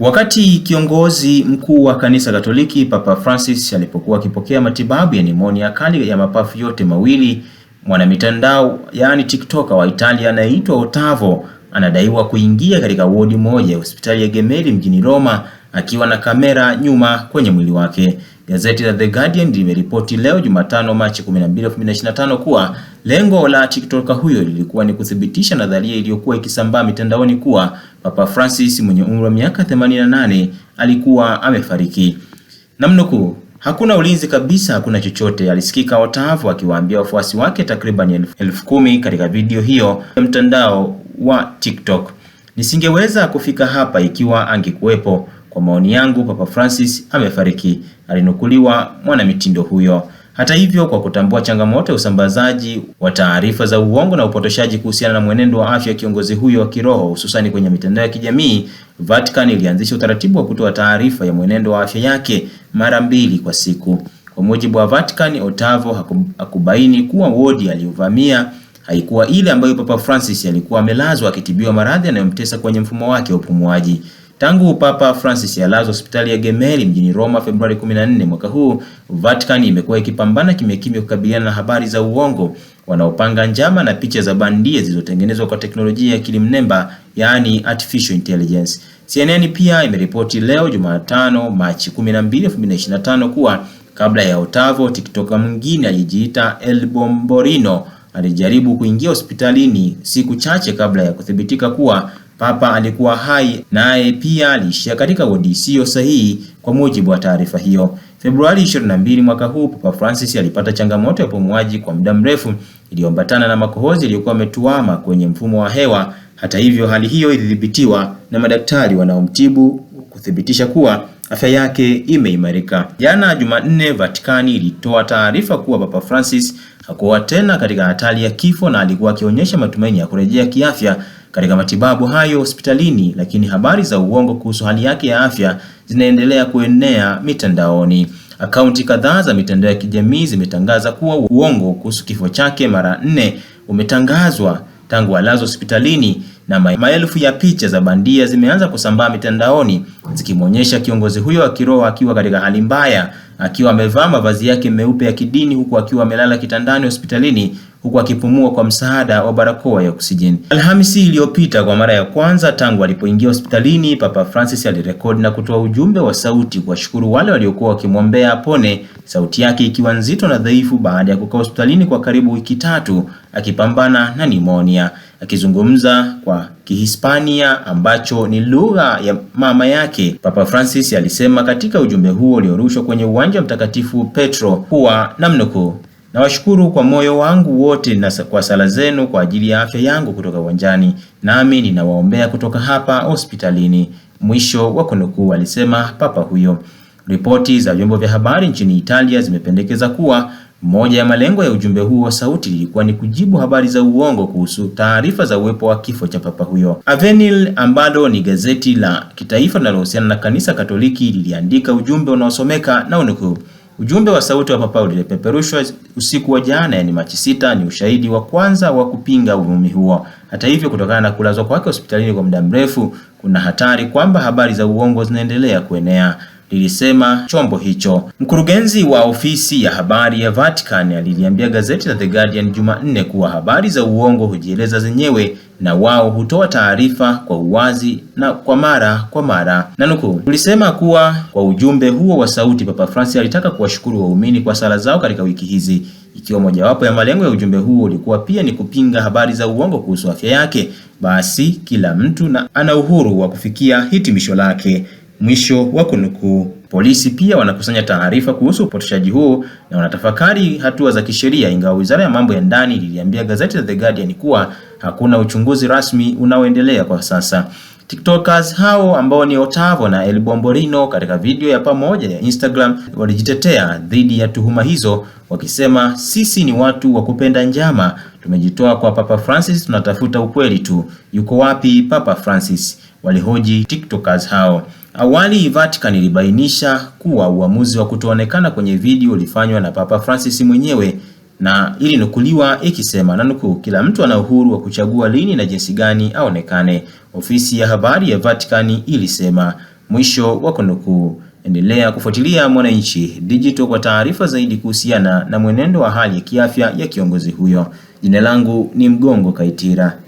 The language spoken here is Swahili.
Wakati kiongozi mkuu wa Kanisa Katoliki Papa Francis alipokuwa akipokea matibabu ya nimonia kali ya mapafu yote mawili, mwanamitandao yaani TikToker wa Italia anayeitwa Ottavo anadaiwa kuingia katika wodi moja ya hospitali ya Gemelli mjini Roma akiwa na kamera nyuma kwenye mwili wake. Gazeti la The Guardian limeripoti leo Jumatano Machi 12, 2025 kuwa lengo la TikToker huyo lilikuwa ni kuthibitisha nadharia iliyokuwa ikisambaa mitandaoni kuwa Papa Francis mwenye umri wa miaka 88 alikuwa amefariki. Namnukuu, hakuna ulinzi kabisa, hakuna chochote, alisikika wataafu akiwaambia wafuasi wake takriban elfu kumi katika video hiyo ya mtandao wa TikTok. Nisingeweza kufika hapa ikiwa angekuwepo. Kwa maoni yangu, Papa Francis amefariki, alinukuliwa mwanamitindo huyo. Hata hivyo, kwa kutambua changamoto ya usambazaji wa taarifa za uongo na upotoshaji kuhusiana na mwenendo wa afya ya kiongozi huyo wa kiroho, hususani kwenye mitandao ya kijamii, Vatican ilianzisha utaratibu wa kutoa taarifa ya mwenendo wa afya yake mara mbili kwa siku. Kwa mujibu wa Vatican, Otavo hakubaini kuwa wodi aliyovamia haikuwa ile ambayo Papa Francis alikuwa amelazwa akitibiwa maradhi yanayomtesa kwenye mfumo wake wa upumuaji. Tangu Papa Francis alazwa hospitali ya Gemelli mjini Roma Februari 14 mwaka huu, Vatican imekuwa ikipambana kimya kimya kukabiliana na habari za uongo, wanaopanga njama na picha za bandia zilizotengenezwa kwa teknolojia ya kilimnemba, yaani artificial intelligence. CNN pia imeripoti leo Jumatano Machi 12, 2025 kuwa kabla ya otavo TikToker mwingine aliyejiita El Bomborino alijaribu kuingia hospitalini siku chache kabla ya kuthibitika kuwa Papa alikuwa hai naye pia aliishia katika wodi isiyo sahihi, kwa mujibu wa taarifa hiyo. Februari 22 mwaka huu, Papa Francis alipata changamoto ya upumuaji kwa muda mrefu iliyoambatana na makohozi yaliyokuwa ametuama kwenye mfumo wa hewa. Hata hivyo, hali hiyo ilidhibitiwa na madaktari wanaomtibu kuthibitisha kuwa afya yake imeimarika. Jana Jumanne, Vatikani ilitoa taarifa kuwa Papa Francis hakuwa tena katika hatari ya kifo na alikuwa akionyesha matumaini ya kurejea kiafya katika matibabu hayo hospitalini, lakini habari za uongo kuhusu hali yake ya afya zinaendelea kuenea mitandaoni. Akaunti kadhaa za mitandao ya kijamii zimetangaza kuwa uongo kuhusu kifo chake mara nne umetangazwa tangu alazo hospitalini na maelfu ya picha za bandia zimeanza kusambaa mitandaoni zikimwonyesha kiongozi huyo wa kiroho akiwa katika hali mbaya, akiwa amevaa mavazi yake meupe ya kidini, huku akiwa amelala kitandani hospitalini huku akipumua kwa msaada wa barakoa ya oksijeni. Alhamisi iliyopita, kwa mara ya kwanza tangu alipoingia hospitalini, Papa Francis alirekodi na kutoa ujumbe wa sauti kuwashukuru wale waliokuwa wakimwombea apone, sauti yake ikiwa nzito na dhaifu baada ya kukaa hospitalini kwa karibu wiki tatu akipambana na nimonia. Akizungumza kwa Kihispania ambacho ni lugha ya mama yake, Papa Francis alisema katika ujumbe huo uliorushwa kwenye uwanja wa Mtakatifu Petro kuwa namnukuu Nawashukuru kwa moyo wangu wote na kwa sala zenu kwa ajili ya afya yangu kutoka uwanjani, nami ninawaombea kutoka hapa hospitalini. Mwisho wa kunukuu, alisema papa huyo. Ripoti za vyombo vya habari nchini Italia zimependekeza kuwa moja ya malengo ya ujumbe huo wa sauti lilikuwa ni kujibu habari za uongo kuhusu taarifa za uwepo wa kifo cha papa huyo. Avenil ambalo ni gazeti la kitaifa linalohusiana na kanisa Katoliki liliandika ujumbe unaosomeka na unukuu Ujumbe wa Sauti wa papa ulipeperushwa usiku wa jana, yaani Machi 6, ni ushahidi wa kwanza wa kupinga uvumi huo. Hata hivyo, kutokana na kulazwa kwake hospitalini kwa muda mrefu, kuna hatari kwamba habari za uongo zinaendelea kuenea lilisema chombo hicho. Mkurugenzi wa ofisi ya habari ya Vatican aliliambia gazeti la The Guardian Jumanne kuwa habari za uongo hujieleza zenyewe na wao hutoa taarifa kwa uwazi na kwa mara kwa mara. Nanukuu, tulisema kuwa kwa ujumbe huo wa sauti, Papa Francis alitaka kuwashukuru waumini kwa sala zao katika wiki hizi, ikiwa mojawapo ya malengo ya ujumbe huo ulikuwa pia ni kupinga habari za uongo kuhusu afya yake. Basi kila mtu na ana uhuru wa kufikia hitimisho lake. Mwisho wa kunukuu. Polisi pia wanakusanya taarifa kuhusu upotoshaji huo na wanatafakari hatua za kisheria, ingawa wizara ya mambo ya ndani liliambia gazeti la The Guardian kuwa hakuna uchunguzi rasmi unaoendelea kwa sasa. TikTokers hao ambao ni Otavo na El bomborino katika video ya pamoja ya Instagram walijitetea dhidi ya tuhuma hizo wakisema, sisi ni watu wa kupenda njama, tumejitoa kwa Papa Francis, tunatafuta ukweli tu. Yuko wapi Papa Francis? Walihoji TikTokers hao. Awali Vatican ilibainisha kuwa uamuzi wa kutoonekana kwenye video ulifanywa na Papa Francis mwenyewe na ilinukuliwa ikisema na nukuu, kila mtu ana uhuru wa kuchagua lini na jinsi gani aonekane, ofisi ya habari ya Vatican ilisema, mwisho wa kunukuu. Endelea kufuatilia Mwananchi Digital kwa taarifa zaidi kuhusiana na mwenendo wa hali ya kiafya ya kiongozi huyo. Jina langu ni Mgongo Kaitira.